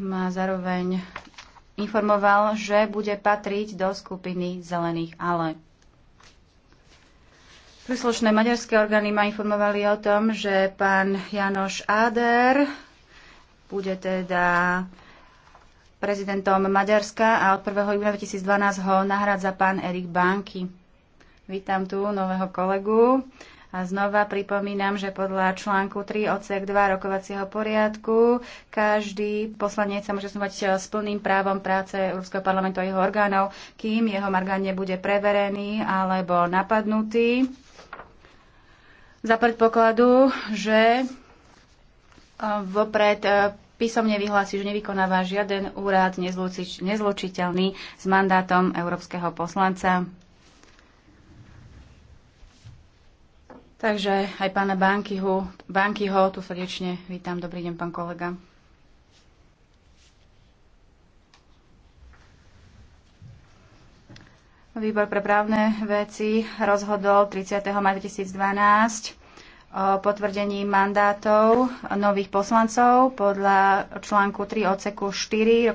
ma zároveň informoval, že bude patriť do skupiny Zelených ale. Príslušné maďarské orgány ma informovali o tom, že pán Janoš Áder bude teda prezidentom Maďarska a od 1. júna 2012 ho nahrádza pán Erik Banky. Vítam tu nového kolegu. A znova pripomínam, že podľa článku 3 odsek 2 rokovacieho poriadku každý poslanec sa môže snúvať eh, s plným právom práce Európskeho parlamentu a jeho orgánov, kým jeho margán nebude preverený alebo napadnutý. Za predpokladu, že eh, vopred eh, písomne vyhlási, že nevykonáva žiaden úrad nezlučiteľný s mandátom európskeho poslanca. Takže aj pána Bankyho, Bankyho tu srdečne vítam. Dobrý deň, pán kolega. Výbor pre právne veci rozhodol 30. maja 2012 o potvrdení mandátov nových poslancov podľa článku 3 odseku 4